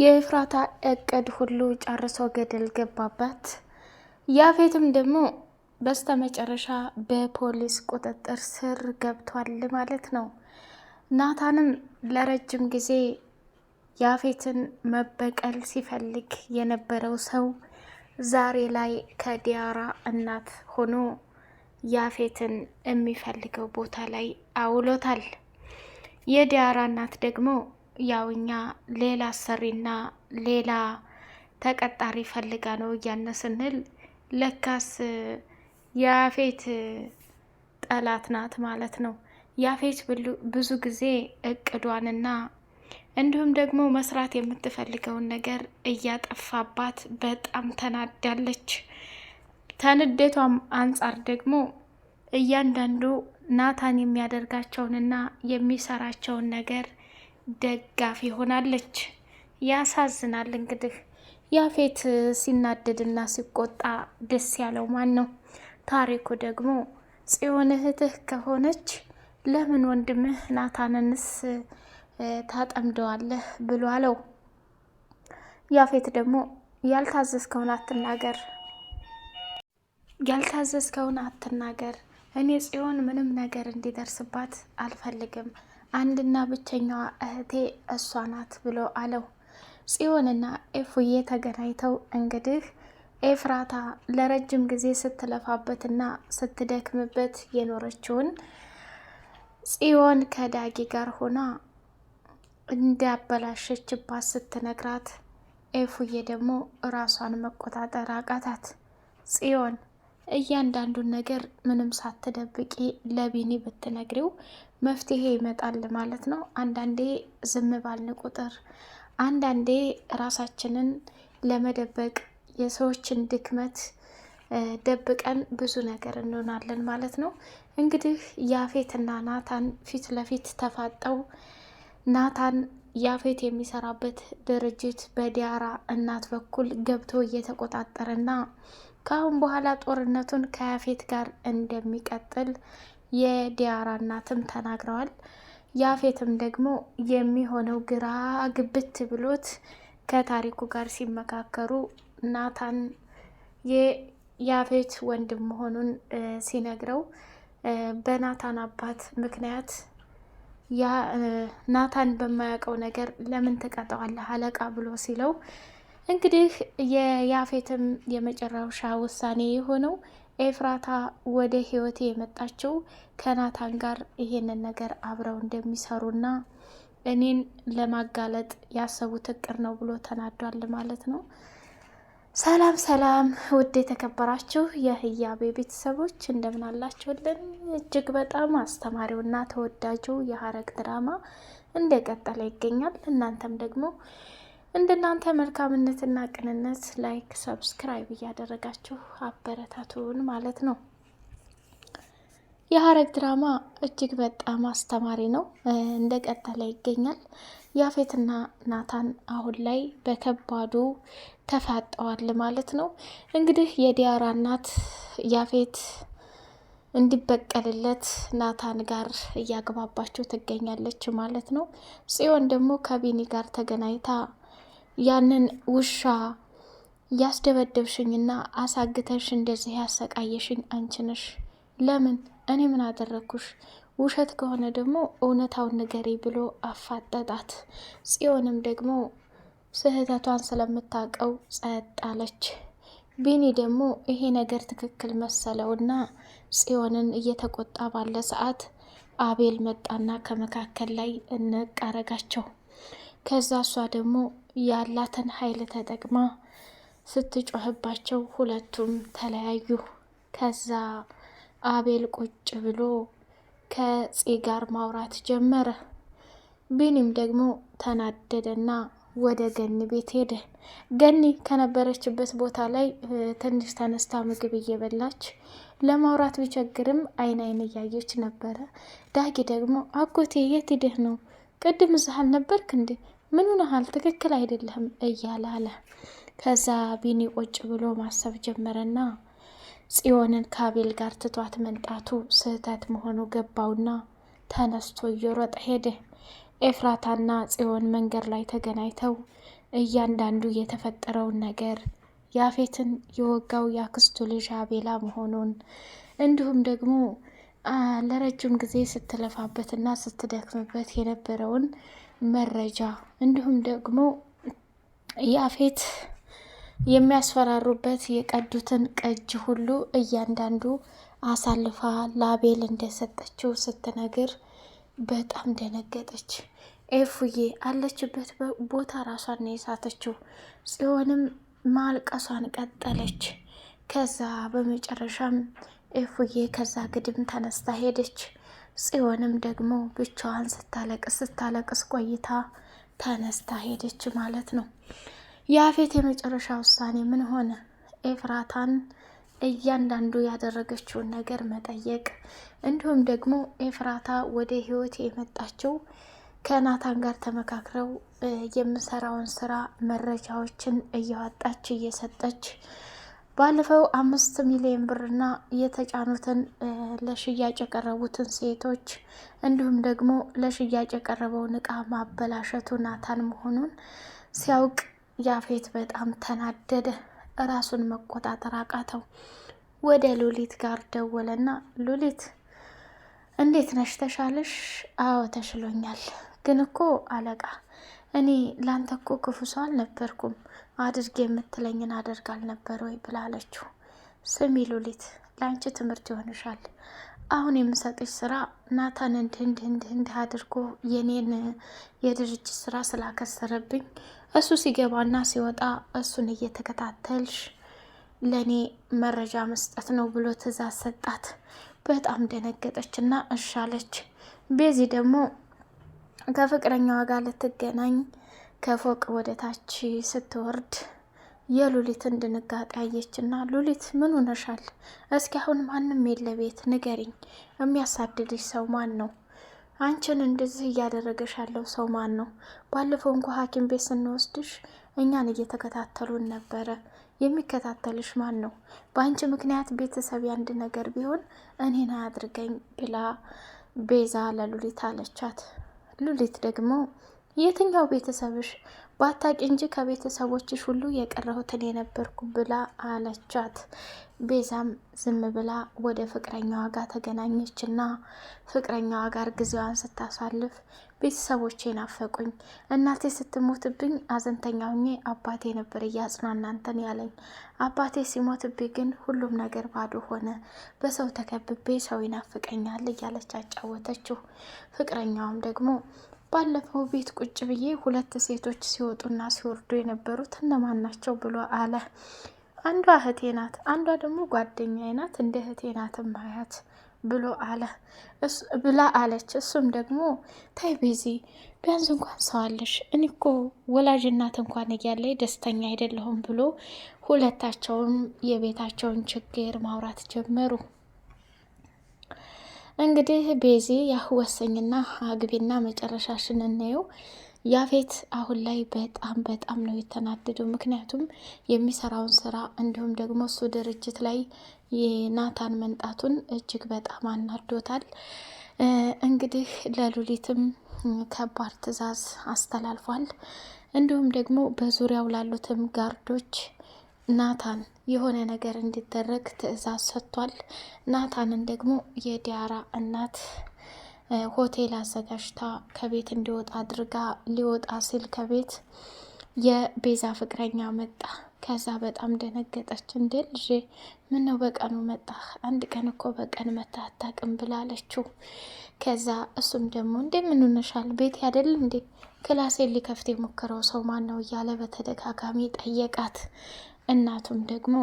የኤፍራታ እቅድ ሁሉ ጨርሶ ገደል ገባባት። ያፌትም ደግሞ በስተ መጨረሻ በፖሊስ ቁጥጥር ስር ገብቷል ማለት ነው። ናታንም ለረጅም ጊዜ ያፌትን መበቀል ሲፈልግ የነበረው ሰው ዛሬ ላይ ከዲያራ እናት ሆኖ ያፌትን የሚፈልገው ቦታ ላይ አውሎታል። የዲያራ እናት ደግሞ ያው እኛ ሌላ አሰሪና ሌላ ተቀጣሪ ፈልጋ ነው እያነ ስንል ለካስ የአፌት ጠላት ናት ማለት ነው። የአፌት ብዙ ጊዜ እቅዷንና እንዲሁም ደግሞ መስራት የምትፈልገውን ነገር እያጠፋባት በጣም ተናዳለች። ከንዴቷም አንጻር ደግሞ እያንዳንዱ ናታን የሚያደርጋቸውንና የሚሰራቸውን ነገር ደጋፊ ሆናለች። ያሳዝናል። እንግዲህ ያፌት ሲናደድና ሲቆጣ ደስ ያለው ማን ነው? ታሪኩ ደግሞ ጽዮን እህትህ ከሆነች ለምን ወንድምህ ናታንንስ ታጠምደዋለህ ብሎ አለው። ያፌት ደግሞ ያልታዘዝከውን አትናገር፣ ያልታዘዝከውን አትናገር። እኔ ጽዮን ምንም ነገር እንዲደርስባት አልፈልግም። አንድና ብቸኛዋ እህቴ እሷ ናት ብሎ አለው። ጽዮንና ኤፉዬ ተገናኝተው እንግዲህ ኤፍራታ ለረጅም ጊዜ ስትለፋበትና ስትደክምበት የኖረችውን ጽዮን ከዳጊ ጋር ሆና እንዳበላሸችባት ስትነግራት ኤፉዬ ደግሞ ራሷን መቆጣጠር አቃታት ጽዮን እያንዳንዱን ነገር ምንም ሳትደብቂ ለቢኒ ብትነግሪው መፍትሄ ይመጣል ማለት ነው። አንዳንዴ ዝም ባልን ቁጥር፣ አንዳንዴ ራሳችንን ለመደበቅ የሰዎችን ድክመት ደብቀን ብዙ ነገር እንሆናለን ማለት ነው። እንግዲህ ያፌትና ናታን ፊት ለፊት ተፋጠው ናታን ያፌት የሚሰራበት ድርጅት በዲያራ እናት በኩል ገብቶ እየተቆጣጠረና ከአሁን በኋላ ጦርነቱን ከያፌት ጋር እንደሚቀጥል የዲያራ እናትም ተናግረዋል። ያፌትም ደግሞ የሚሆነው ግራ ግብት ብሎት ከታሪኩ ጋር ሲመካከሩ ናታን የያፌት ወንድም መሆኑን ሲነግረው በናታን አባት ምክንያት ናታን በማያውቀው ነገር ለምን ትቀጠዋለህ አለቃ ብሎ ሲለው እንግዲህ የያፌትም የመጨረሻ ውሳኔ የሆነው ኤፍራታ ወደ ህይወቴ የመጣችው ከናታን ጋር ይሄንን ነገር አብረው እንደሚሰሩና እኔን ለማጋለጥ ያሰቡት እቅር ነው ብሎ ተናዷል ማለት ነው። ሰላም ሰላም፣ ውድ የተከበራችሁ የህያቤ ቤተሰቦች እንደምን አላችሁልን? እጅግ በጣም አስተማሪውና ተወዳጁ የሀረግ ድራማ እንደቀጠለ ይገኛል። እናንተም ደግሞ እንደናንተ መልካምነትና ቅንነት ላይክ ሰብስክራይብ እያደረጋችሁ አበረታቱን ማለት ነው። የሀረግ ድራማ እጅግ በጣም አስተማሪ ነው፣ እንደ ቀጠለ ይገኛል። ያፌትና ናታን አሁን ላይ በከባዱ ተፋጠዋል ማለት ነው። እንግዲህ የዲያራ እናት ያፌት እንዲበቀልለት ናታን ጋር እያግባባቸው ትገኛለች ማለት ነው። ጽዮን ደግሞ ከቢኒ ጋር ተገናኝታ ያንን ውሻ ያስደበደብሽኝና አሳግተሽ እንደዚህ ያሰቃየሽኝ አንቺ ነሽ። ለምን? እኔ ምን አደረግኩሽ? ውሸት ከሆነ ደግሞ እውነታውን ንገሪ ብሎ አፋጠጣት። ጽዮንም ደግሞ ስህተቷን ስለምታውቀው ጸጥ አለች። ቢኒ ደግሞ ይሄ ነገር ትክክል መሰለውና ጽዮንን እየተቆጣ ባለ ሰዓት አቤል መጣና ከመካከል ላይ እንቅ አረጋቸው። ከዛ እሷ ደግሞ ያላትን ኃይል ተጠቅማ ስትጮህባቸው ሁለቱም ተለያዩ። ከዛ አቤል ቁጭ ብሎ ከፄ ጋር ማውራት ጀመረ። ቢኒም ደግሞ ተናደደና ወደ ገኒ ቤት ሄደ። ገኒ ከነበረችበት ቦታ ላይ ትንሽ ተነስታ ምግብ እየበላች ለማውራት ቢቸግርም አይን አይን እያየች ነበረ። ዳጊ ደግሞ አጎቴ የት ነው? ቅድም እዛ አልነበርክ እንዴ? ምን ሆነሃል? ትክክል አይደለህም እያለ አለ። ከዛ ቢኒ ቁጭ ብሎ ማሰብ ጀመረና ጽዮንን ከአቤል ጋር ትቷት መምጣቱ ስህተት መሆኑ ገባውና ተነስቶ እየሮጠ ሄደ። ኤፍራታና ጽዮን መንገድ ላይ ተገናኝተው እያንዳንዱ የተፈጠረውን ነገር ያፌትን የወጋው የአክስቱ ልጅ አቤላ መሆኑን እንዲሁም ደግሞ ለረጅም ጊዜ ስትለፋበትና ስትደክምበት የነበረውን መረጃ እንዲሁም ደግሞ ያፌት የሚያስፈራሩበት የቀዱትን ቅጅ ሁሉ እያንዳንዱ አሳልፋ ላቤል እንደሰጠችው ስትነግር በጣም ደነገጠች። ኤፉዬ አለችበት ቦታ ራሷን ነው የሳተችው። ጽዮንም ማልቀሷን ቀጠለች። ከዛ በመጨረሻም ኤፉዬ ከዛ ግድም ተነስታ ሄደች። ጽዮንም ደግሞ ብቻዋን ስታለቅስ ስታለቅስ ቆይታ ተነስታ ሄደች ማለት ነው። የአፌት የመጨረሻ ውሳኔ ምን ሆነ? ኤፍራታን እያንዳንዱ ያደረገችውን ነገር መጠየቅ፣ እንዲሁም ደግሞ ኤፍራታ ወደ ህይወት የመጣችው ከናታን ጋር ተመካክረው የምሰራውን ስራ መረጃዎችን እያወጣች እየሰጠች ባለፈው አምስት ሚሊዮን ብርና የተጫኑትን ለሽያጭ የቀረቡትን ሴቶች እንዲሁም ደግሞ ለሽያጭ የቀረበውን እቃ ማበላሸቱ ናታን መሆኑን ሲያውቅ ያፌት በጣም ተናደደ። ራሱን መቆጣጠር አቃተው። ወደ ሉሊት ጋር ደወለና ሉሊት እንዴት ነሽ? ተሻለሽ? አዎ ተሽሎኛል። ግን እኮ አለቃ እኔ ላንተ እኮ ክፉ ሰው አልነበርኩም አድርግ የምትለኝን አደርጋል ነበር ወይ ብላለችው። ስም ስሚ ሉሊት፣ ለአንቺ ትምህርት ይሆንሻል። አሁን የምሰጥሽ ስራ ናታን እንድህ እንድህ አድርጎ የኔን የድርጅት ስራ ስላከሰረብኝ እሱ ሲገባና ሲወጣ እሱን እየተከታተልሽ ለእኔ መረጃ መስጠት ነው ብሎ ትእዛዝ ሰጣት። በጣም ደነገጠችና እሻለች። ቤዚ ደግሞ ከፍቅረኛዋ ጋር ልትገናኝ ከፎቅ ወደ ታች ስትወርድ የሉሊትን ድንጋጤ አየችና፣ ሉሊት ምን ሆነሻል? እስኪ አሁን ማንም የለ ቤት ንገሪኝ፣ የሚያሳድድሽ ሰው ማን ነው? አንቺን እንደዚህ እያደረገሽ ያለው ሰው ማን ነው? ባለፈው እንኳ ሐኪም ቤት ስንወስድሽ እኛን እየተከታተሉን ነበረ። የሚከታተልሽ ማን ነው? በአንቺ ምክንያት ቤተሰብ አንድ ነገር ቢሆን እኔን አያድርገኝ ብላ ቤዛ ለሉሊት አለቻት። ሉሊት ደግሞ የትኛው ቤተሰብሽ ባታቂ እንጂ ከቤተሰቦችሽ ሁሉ የቀረሁትን የነበርኩ ብላ አለቻት። ቤዛም ዝም ብላ ወደ ፍቅረኛዋ ጋር ተገናኘች እና ፍቅረኛዋ ጋር ጊዜዋን ስታሳልፍ ቤተሰቦቼ ናፈቁኝ፣ እናቴ ስትሞትብኝ አዘንተኛ ሁኜ አባቴ ነበር እያጽና እናንተን ያለኝ። አባቴ ሲሞትብኝ ግን ሁሉም ነገር ባዶ ሆነ፣ በሰው ተከብቤ ሰው ይናፍቀኛል እያለች አጫወተችው። ፍቅረኛዋም ደግሞ ባለፈው ቤት ቁጭ ብዬ ሁለት ሴቶች ሲወጡና ሲወርዱ የነበሩት እነማን ናቸው ብሎ አለ። አንዷ እህቴ ናት፣ አንዷ ደግሞ ጓደኛዬ ናት፣ እንደ እህቴ ናትም ማያት ብሎ አለ ብላ አለች። እሱም ደግሞ ታይ ቤዚ፣ ቢያንስ እንኳን ሰዋለሽ፣ እኔ እኮ ወላጅ እናት እንኳን እያለኝ ደስተኛ አይደለሁም ብሎ ሁለታቸውም የቤታቸውን ችግር ማውራት ጀመሩ። እንግዲህ ቤዚ ያሁ ወሰኝና አግቢና መጨረሻሽን እናየው። ያፌት አሁን ላይ በጣም በጣም ነው የተናደደው። ምክንያቱም የሚሰራውን ስራ እንዲሁም ደግሞ እሱ ድርጅት ላይ የናታን መንጣቱን እጅግ በጣም አናዶታል። እንግዲህ ለሉሊትም ከባድ ትዕዛዝ አስተላልፏል። እንዲሁም ደግሞ በዙሪያው ላሉትም ጋርዶች ናታን የሆነ ነገር እንዲደረግ ትዕዛዝ ሰጥቷል። ናታንን ደግሞ የዲያራ እናት ሆቴል አዘጋጅታ ከቤት እንዲወጣ አድርጋ ሊወጣ ሲል ከቤት የቤዛ ፍቅረኛ መጣ። ከዛ በጣም ደነገጠች። እንዴ ልጄ ምነው በቀኑ መጣ? አንድ ቀን እኮ በቀን መታ አታቅም ብላለችው። ከዛ እሱም ደግሞ እንዴ ምን ሆነሻል? ቤት ያደል እንዴ ክላሴን ሊከፍት የሞከረው ሰው ማን ነው እያለ በተደጋጋሚ ጠየቃት። እናቱም ደግሞ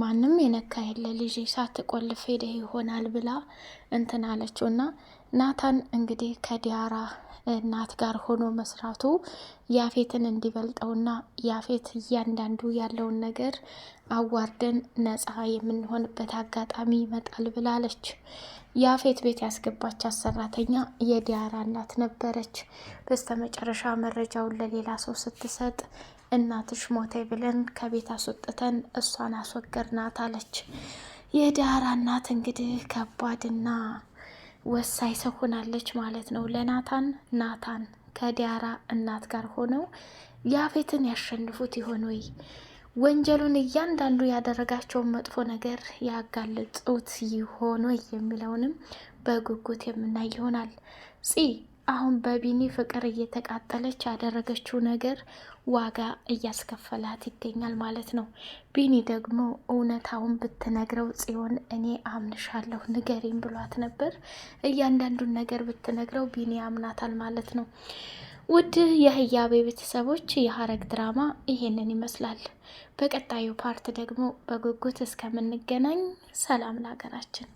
ማንም የነካ የለ ልጅ ሳትቆልፍ ሄደ ይሆናል ብላ እንትን አለችው እና ናታን እንግዲህ ከዲያራ እናት ጋር ሆኖ መስራቱ ያፌትን እንዲበልጠውና ያፌት እያንዳንዱ ያለውን ነገር አዋርደን ነፃ የምንሆንበት አጋጣሚ ይመጣል ብላለች። ያፌት ቤት ያስገባቻት ሰራተኛ የዲያራ እናት ነበረች። በስተመጨረሻ መረጃውን ለሌላ ሰው ስትሰጥ እናትሽ ሞተ ብለን ከቤት አስወጥተን እሷን አስወገድናት አለች። የዳራ እናት እንግዲህ ከባድና ወሳኝ ሰው ሆናለች ማለት ነው ለናታን። ናታን ከዳራ እናት ጋር ሆነው ያፌትን ያሸንፉት ይሆን ወይ? ወንጀሉን እያንዳንዱ ያደረጋቸውን መጥፎ ነገር ያጋልጡት ይሆን ወይ የሚለውንም በጉጉት የምናይ ይሆናል። አሁን በቢኒ ፍቅር እየተቃጠለች ያደረገችው ነገር ዋጋ እያስከፈላት ይገኛል ማለት ነው። ቢኒ ደግሞ እውነታውን ብትነግረው ጽዮን እኔ አምንሻለሁ ንገሪም ብሏት ነበር። እያንዳንዱን ነገር ብትነግረው ቢኒ ያምናታል ማለት ነው። ውድ የህያቤ ቤተሰቦች የሀረግ ድራማ ይሄንን ይመስላል። በቀጣዩ ፓርት ደግሞ በጉጉት እስከምንገናኝ ሰላም ለሀገራችን።